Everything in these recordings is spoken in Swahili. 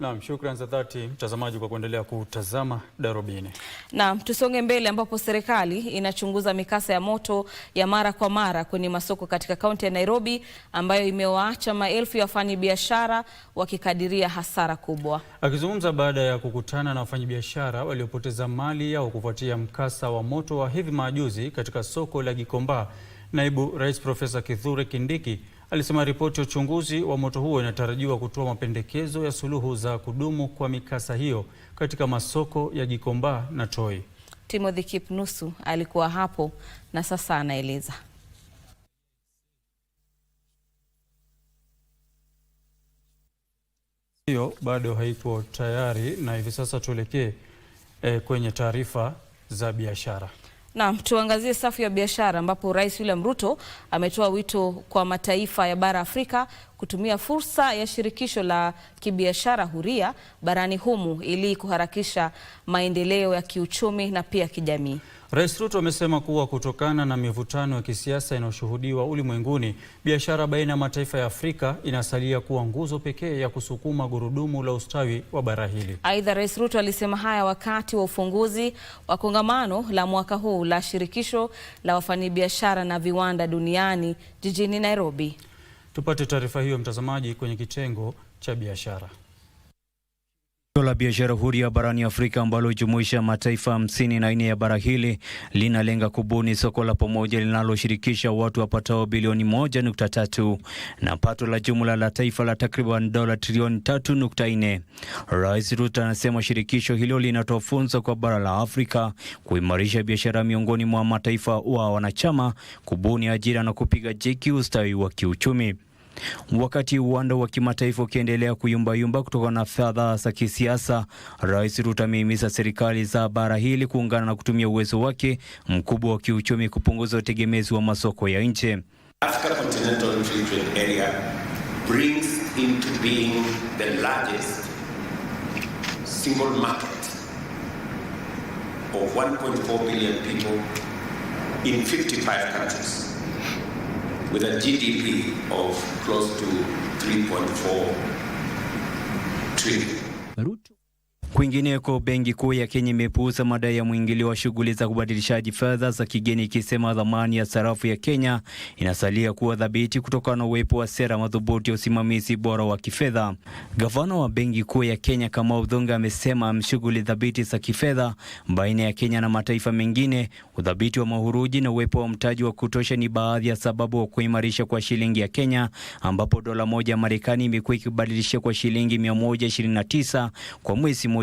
Naam, shukrani za dhati mtazamaji kwa kuendelea kutazama Darubini. Naam, tusonge mbele ambapo serikali inachunguza mikasa ya moto ya mara kwa mara kwenye masoko katika kaunti ya Nairobi ambayo imewaacha maelfu ya wafanyabiashara wakikadiria hasara kubwa. Akizungumza baada ya kukutana na wafanyabiashara waliopoteza mali yao kufuatia mkasa wa moto wa hivi majuzi katika soko la Gikomba Naibu Rais Profesa Kithure Kindiki alisema ripoti ya uchunguzi wa moto huo inatarajiwa kutoa mapendekezo ya suluhu za kudumu kwa mikasa hiyo katika masoko ya Gikomba na Toi. Timothy Kipnusu alikuwa hapo na sasa anaeleza. Hiyo bado haiko tayari na hivi sasa tuelekee eh, kwenye taarifa za biashara. Na tuangazie safu ya biashara ambapo Rais William Ruto ametoa wito kwa mataifa ya bara Afrika kutumia fursa ya shirikisho la kibiashara huria barani humu ili kuharakisha maendeleo ya kiuchumi na pia kijamii. Rais Ruto amesema kuwa kutokana na mivutano ya kisiasa inayoshuhudiwa ulimwenguni, biashara baina ya mataifa ya Afrika inasalia kuwa nguzo pekee ya kusukuma gurudumu la ustawi wa bara hili. Aidha, Rais Ruto alisema haya wakati wa ufunguzi wa kongamano la mwaka huu la shirikisho la wafanyabiashara na viwanda duniani jijini Nairobi. Tupate taarifa hiyo mtazamaji, kwenye kitengo cha biashara la biashara huri ya barani Afrika ambalo hujumuisha mataifa hamsini na nne ya bara hili linalenga kubuni soko la pamoja linaloshirikisha watu wapatao bilioni moja nukta tatu na pato la jumla la taifa la takriban dola trilioni tatu nukta nne. Rais Ruto anasema shirikisho hilo linatoa funzo kwa bara la Afrika kuimarisha biashara miongoni mwa mataifa wa wanachama, kubuni ajira na kupiga jeki ustawi wa kiuchumi. Wakati uwanda wa kimataifa ukiendelea kuyumbayumba kutokana na fedha za kisiasa, Rais Ruto amehimiza serikali za bara hili kuungana na kutumia uwezo wake mkubwa wa kiuchumi kupunguza utegemezi wa masoko ya nje. Of 1.4 billion people in 55 countries. with a GDP of close to 3.4 trillion. Kwingineko, Benki Kuu ya Kenya imepuuza madai ya mwingilio wa shughuli za kubadilishaji fedha za kigeni, ikisema dhamani ya sarafu ya Kenya inasalia kuwa thabiti kutokana na uwepo wa sera madhubuti ya usimamizi bora wa kifedha. Gavana wa Benki Kuu ya Kenya Kamau Thunga amesema shughuli thabiti za kifedha baina ya Kenya na mataifa mengine, udhabiti wa mahuruji na uwepo wa mtaji wa kutosha ni baadhi ya sababu wa kuimarisha kwa shilingi ya Kenya, ambapo dola moja ya Marekani imekuwa ikibadilisha kwa shilingi 129 kwa mwezi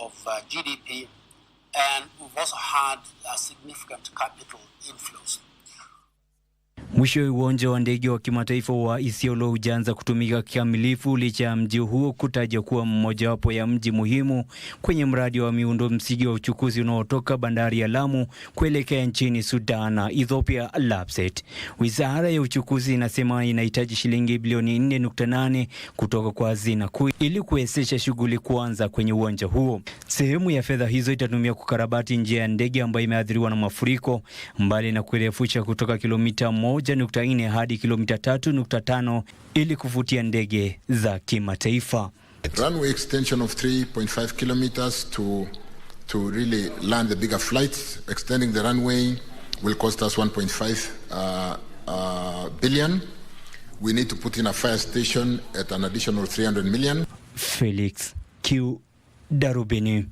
of uh, GDP, and we've also had significant capital inflows. Mwisho, uwanja wa ndege wa kimataifa wa Isiolo hujaanza kutumika kikamilifu licha ya mji huo kutaja kuwa mmojawapo ya mji muhimu kwenye mradi wa miundo msingi wa uchukuzi unaotoka bandari ya Lamu kuelekea nchini Sudan na Ethiopia, Lapset. Wizara ya uchukuzi inasema inahitaji shilingi bilioni 4.8 kutoka kwa hazina kuu ili kuwezesha shughuli kuanza kwenye uwanja huo. Sehemu ya fedha hizo itatumia kukarabati njia ya ndege ambayo imeathiriwa na mafuriko, mbali na kuirefusha kutoka kilomita 1.4 hadi kilomita 3.5 ili kuvutia ndege za kimataifa. Runway extension of 3.5 kilometers to to really land the bigger flights. Extending the runway will cost us 1.5 uh, uh, billion. We need to put in a fire station at an additional 300 million. Felix Q Darubini.